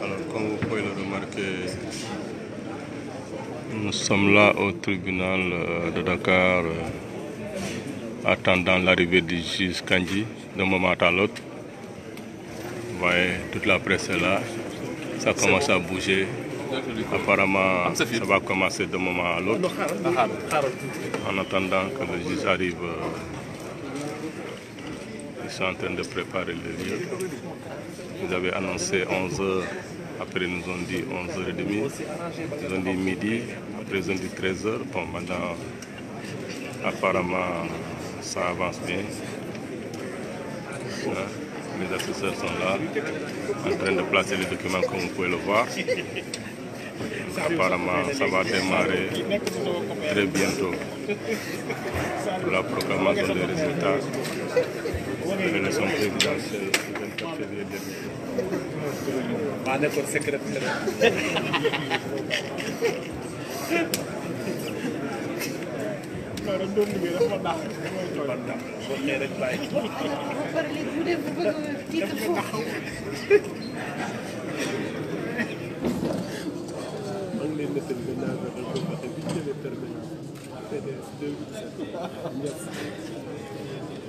Alors, comme vous pouvez le remarquer, nous sommes là au tribunal euh, de Dakar, euh, attendant l'arrivée du juge Kanji d'un moment à l'autre. Vous voyez, toute la presse est là. Ça commence à bouger. Apparemment, ça va commencer d'un moment à l'autre. Ah, ah, ah. En attendant que le juge arrive. Euh, sont en train de préparer le lieu. Ils avaient annoncé 11h, après ils nous ont dit 11h30, ils ont dit midi, après ils ont dit 13h. Bon, maintenant, apparemment, ça avance bien. Les assesseurs sont là, en train de placer les documents comme vous pouvez le voir. Apparemment, ça va démarrer très bientôt. La proclamation des résultats. de l'élection présidentielle du 24 février dernier. maa nekkoon secrétaire. non rek doon liggéey dafa baax. dafa baax boo xëyee rek bàyyi. maa ngi leen di tënk ñaar ba tey ba tey bi ñu jëlee permis PDS 2017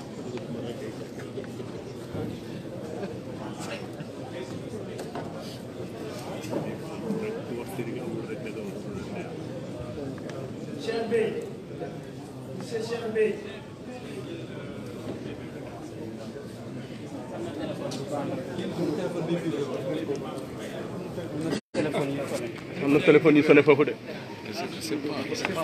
téléphone yi sonné foofu de. c'est pas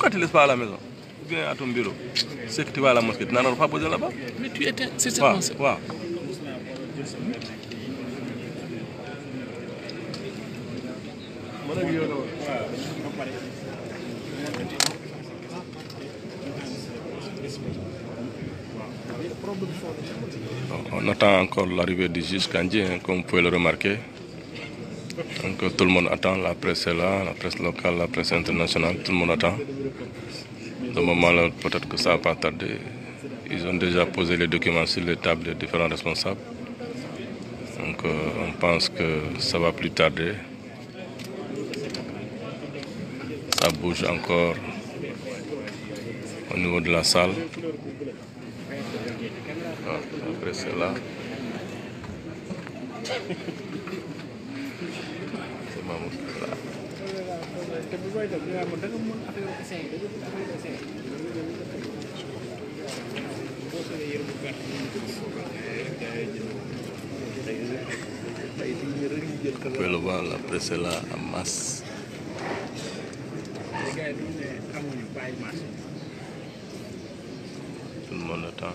Pourquoi tu ne laisses pas à la maison Viens à ton bureau. C'est que tu vas à la mosquée. Tu n'en pas besoin là-bas Mais tu étais, c'est ça, On attend encore l'arrivée du juge Kandji, hein, comme vous pouvez le remarquer. Donc euh, tout le monde attend, la presse est là, la presse locale, la presse internationale, tout le monde attend. De moment là, peut-être que ça va pas tarder. Ils ont déjà posé les documents sur les tables des différents responsables. Donc euh, on pense que ça va plus tarder. Ça bouge encore au niveau de la salle. Ah, la presse est là. Mamour waaw. te bu koy def dinaa mën la Tout le monde attend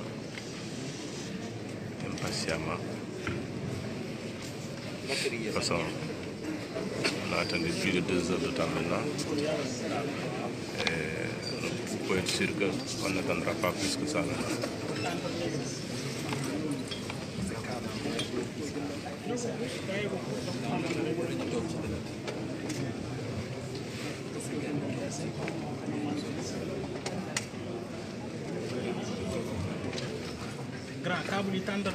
impatiemment. De attendez plus de deux heures de temps maintenant. Et vous pouvez être sûr qu'on n'attendra pas plus que ça. Grand, di tantar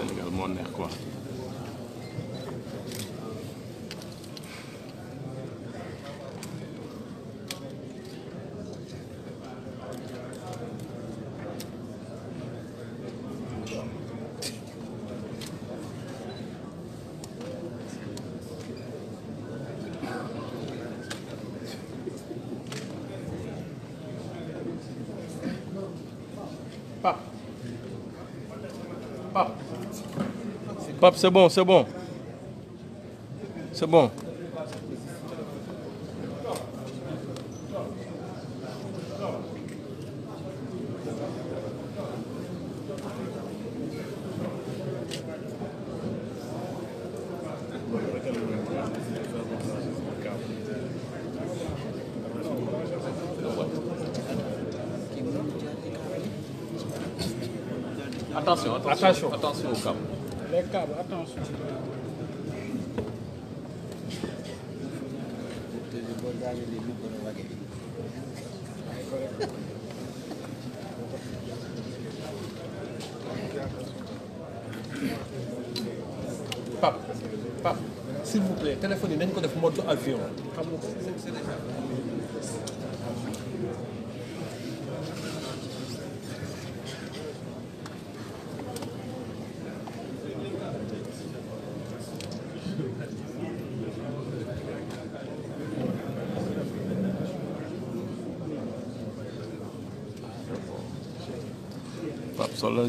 Sénégal moo neex quoi. Papa. Pap, c'est bon, c'est bon. C'est bon. attention. au aux câbles. Les câbles, attention. Pape, s'il vous plaît, téléphonez, nous avons fait avion.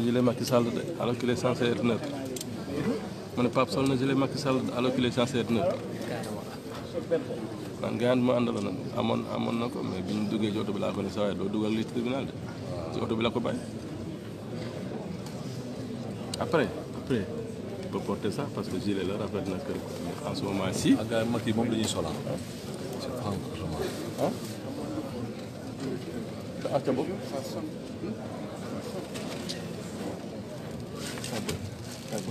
gilet Macky Sall de alors qu'il est censé être neutre mu ne Pape sol na gilet Macky Sall de alors qu'il est censé être neutre man gars yi ma àndaloon nag amoon amoon na ko mais bi ñu duggee ci oto bi laa ko ne sa waay doo dugal li tribunal de ci oto bi la ko bàyyi après après ba porter ça parce que gilet la rafet na kër en ce moment ci. ak ah, gars yi moom la ñuy solal. c'est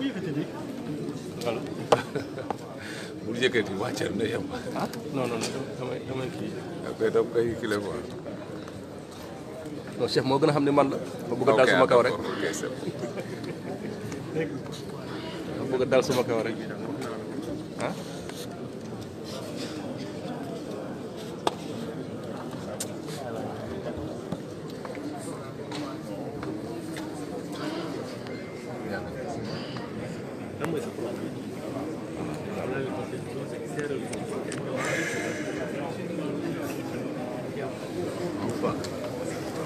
bu yëkkati de voilà. bu yëkkati wàcceel na yem. ah non non damay damay kii. après da nga koy kii la quoi. non chef moo gën a xam ne man la. ma bëgg a dal kaw rek ma bëgg a dal kaw rek ah.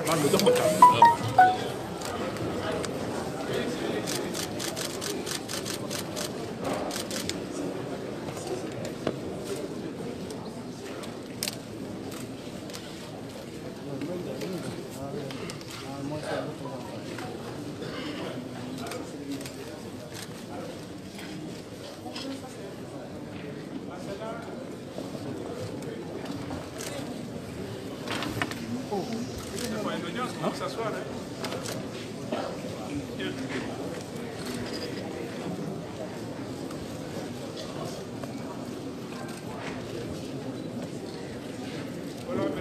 慢着，这么讲。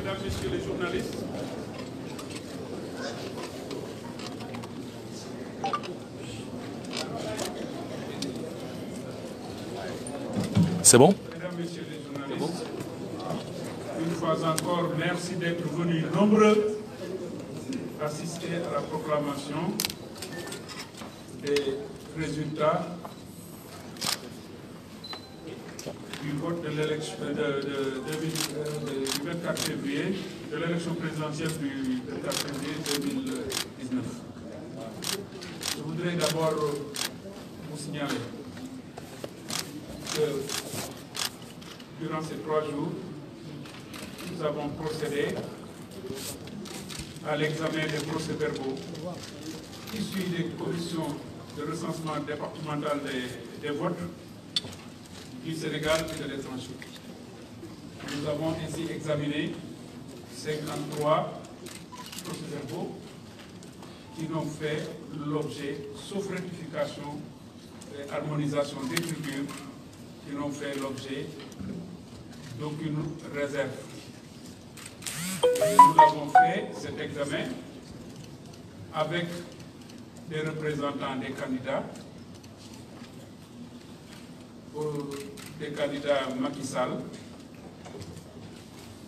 mesdames, messieurs les journalistes. C'est bon Mesdames, messieurs les journalistes, une fois encore, merci d'être venus nombreux assister à la proclamation des résultats de l'élection du février, de l'élection présidentielle du 24 février 2019. Je voudrais d'abord vous signaler que durant ces trois jours, nous avons procédé à l'examen des procès-verbaux issus des commissions de recensement départemental des votes du Sénégal et de l'étranger. Nous avons ainsi examiné 53 procédures qui n'ont fait l'objet, sauf rectification et harmonisation des figures qui n'ont fait l'objet d'aucune réserve. nous avons fait cet examen avec des représentants des candidats. Pour euh, les candidats Macky Sall,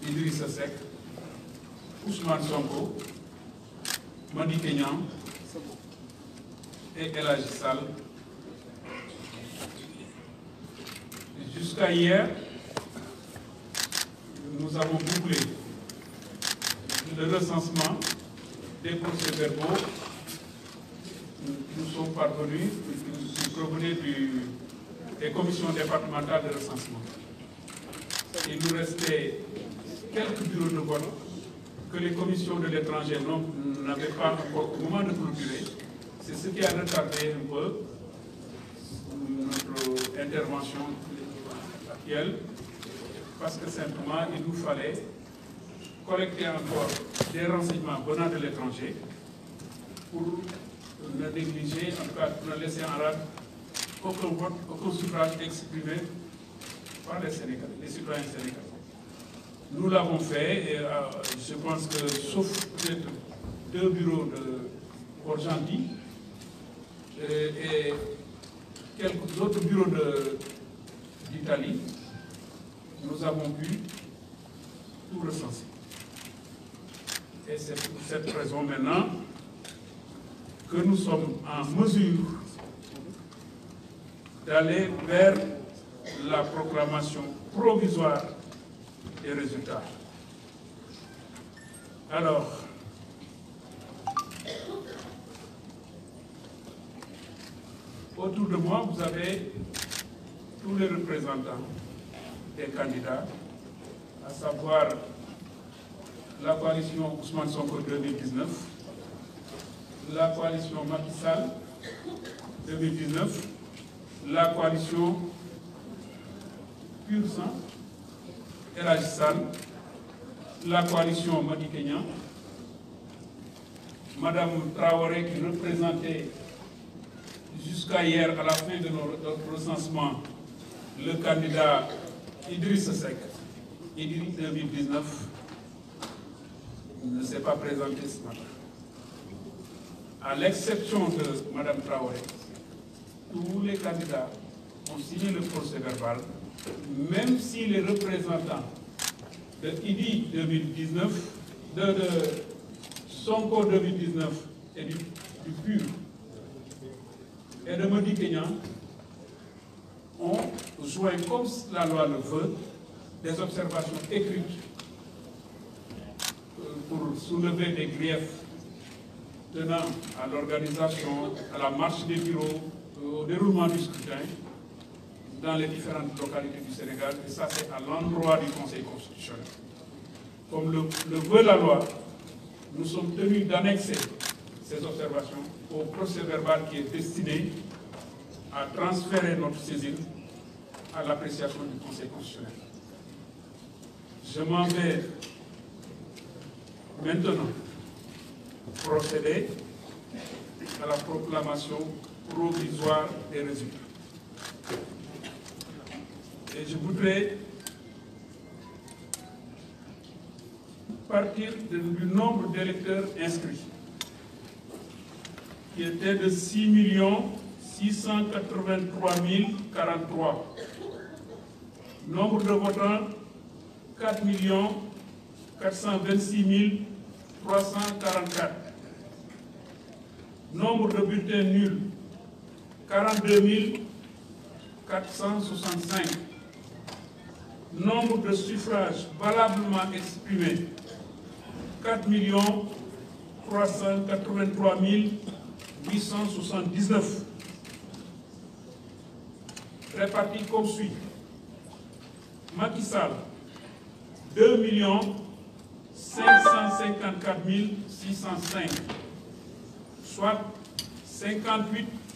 Idrissa Ousmane Sonko, Mandi Kenyan et El Sall. Jusqu'à hier, nous avons bouclé le recensement des procès-verbaux qui nous sommes parvenus, nous sommes du des commissions départementales de recensement. Il nous restait quelques bureaux de vote que les commissions de l'étranger n'avaient pas encore au moment de procurer. C'est ce qui a retardé un peu notre intervention actuelle, parce que simplement il nous fallait collecter encore des renseignements venant de l'étranger pour ne négliger, en tout cas pour ne laisser en rade aucun vote, aucun suffrage exprimé par les Sénégalais, les citoyens sénégalais. Nous l'avons fait et euh, je pense que, sauf peut-être deux bureaux de Orgendi et quelques autres bureaux d'Italie, nous avons pu tout recenser. Et c'est pour cette raison maintenant que nous sommes en mesure d'aller vers la proclamation provisoire des résultats. Alors, autour de moi, vous avez tous les représentants des candidats, à savoir la coalition Ousmane Sonko 2019, la coalition Macky 2019, la coalition Pur Sang, la coalition Madi Madame Traoré qui représentait jusqu'à hier, à la fin de notre recensement, le candidat Idriss Sek, Idriss 2019, ne s'est pas présenté ce matin. À l'exception de Madame Traoré, tous les candidats ont signé le procès verbal, même si les représentants de IDI 2019, de, de Sonko 2019 et du, PUR et de Modi kényan ont joint, comme la loi le veut, des observations écrites euh, pour soulever des griefs tenant à l'organisation, à la marche des bureaux, au déroulement du scrutin dans les différentes localités du Sénégal, et ça c'est à l'endroit du Conseil constitutionnel. Comme le, le veut la loi, nous sommes tenus d'annexer ces observations au procès verbal qui est destiné à transférer notre saisine à l'appréciation du Conseil constitutionnel. Je m'en vais maintenant procéder à la proclamation provisoire des résultats. Et je voudrais partir du nombre d'électeurs inscrits, qui était de 6 683 043. Nombre de votants, 4 426 344. Nombre de bulletins nuls, 42 465. Nombre de suffrages valablement exprimés 4 383 879. Répartis comme suit. Macky 2 554 605, soit 58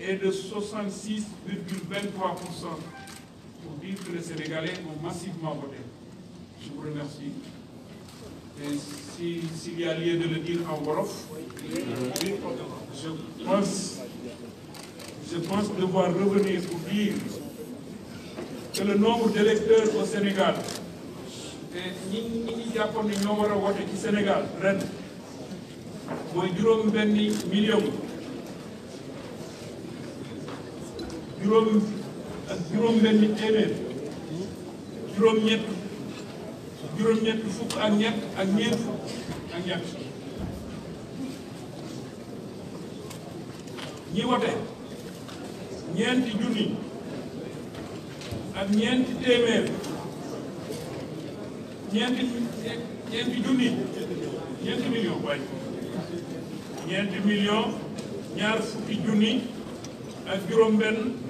est de 66,23% pour dire que les Sénégalais ont massivement voté. Je vous remercie. Et S'il y a lieu de le dire en Wolof, je pense, devoir revenir pour dire que le nombre d'électeurs au Sénégal et ni ñi nombre de ni ñoo Sénégal ren million juróom ak juróom-benni téeméer juróom-ñett juróom ak ñett ak ñeent fukk ak ñett ñi wote ñeenti junni ak ñeenti téeméer ñeenti ñeenti junni ñeenti million waaye ñeenti million ñaar fukki junni ak juróom-benn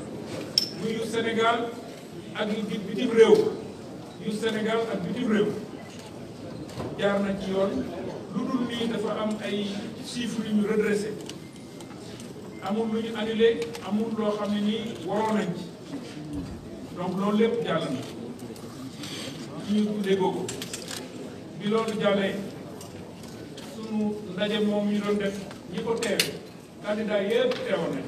muy yu Sénégal ak bitim réew yu Sénégal ak bitim réew jaar na ci yoon lu dul nii dafa am ay chiffres yu ñu redressé amul lu ñu annulé amul loo xam ne nii waroon nañ ci donc loolu lépp jàll na ci ñu tuddee googu bi loolu jàllee sunu ndaje moom ñu doon def ñi ko teew candidat yëpp teewoon nañ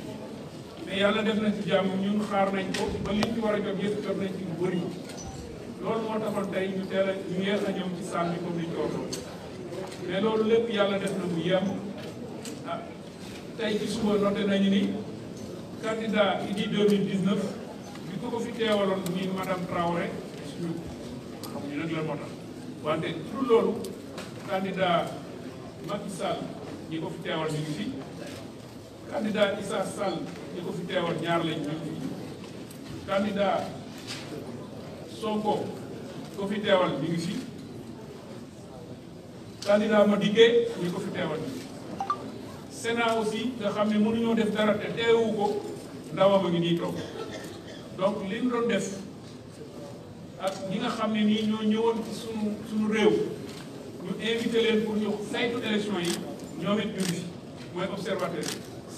te yàlla def na ci jàmm ñun xaar nañ ko ba liñ ci war a jot yëpp jot nañ ci lu bëri loolu moo taxoon tey ñu teel a ñu yéex a ñoom ci sàmm bi comme ni ñu ini waxoon mais loolu lépp yàlla def na mu yem ah tey ci suba noté nañu ni candidat idi 2019 bi ko ko fi teewaloon ni madame Traoré suñu nag la moo tax wante loolu candidat Macky Sall ñi ko fi teewal ñu ngi fi candidat Issa Sall ñi ko fi teewal ñaar lañ ñu candidat Sonko ko fi teewal ñu ngi fi candidat Madické ñi nga xam ne mënuñoo def dara te teewu ko ndawam a ngi nii toog donc li ñu doon def ak ñi nga xam ne nii ñoo ñëwoon ci sunu suñu réew ñu invité leen pour ñu saytu élection yi ñoom it ñu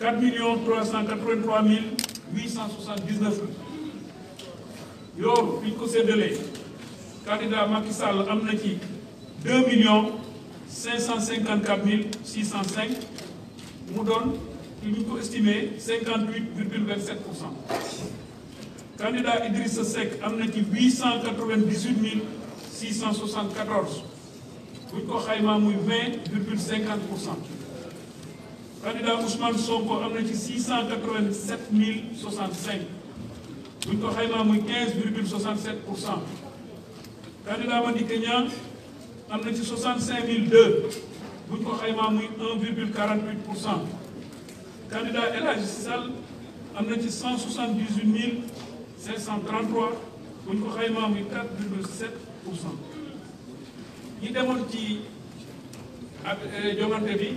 4 383 879 euros. Yo, ñu ko candidat Macky Sall 2 554 605 Moudon, il li estimé 58,27%. candidat Idriss Sek am 898 674 euros. ñu ko 20,50% candidat Ousmane Sonko a 687 065 15,67%. candidat Mandi Kenyan, a 65 002 Vous ñu 1,48%. candidat El Hadji a 178 533 bu 4,7 Y a démontre 4 virgule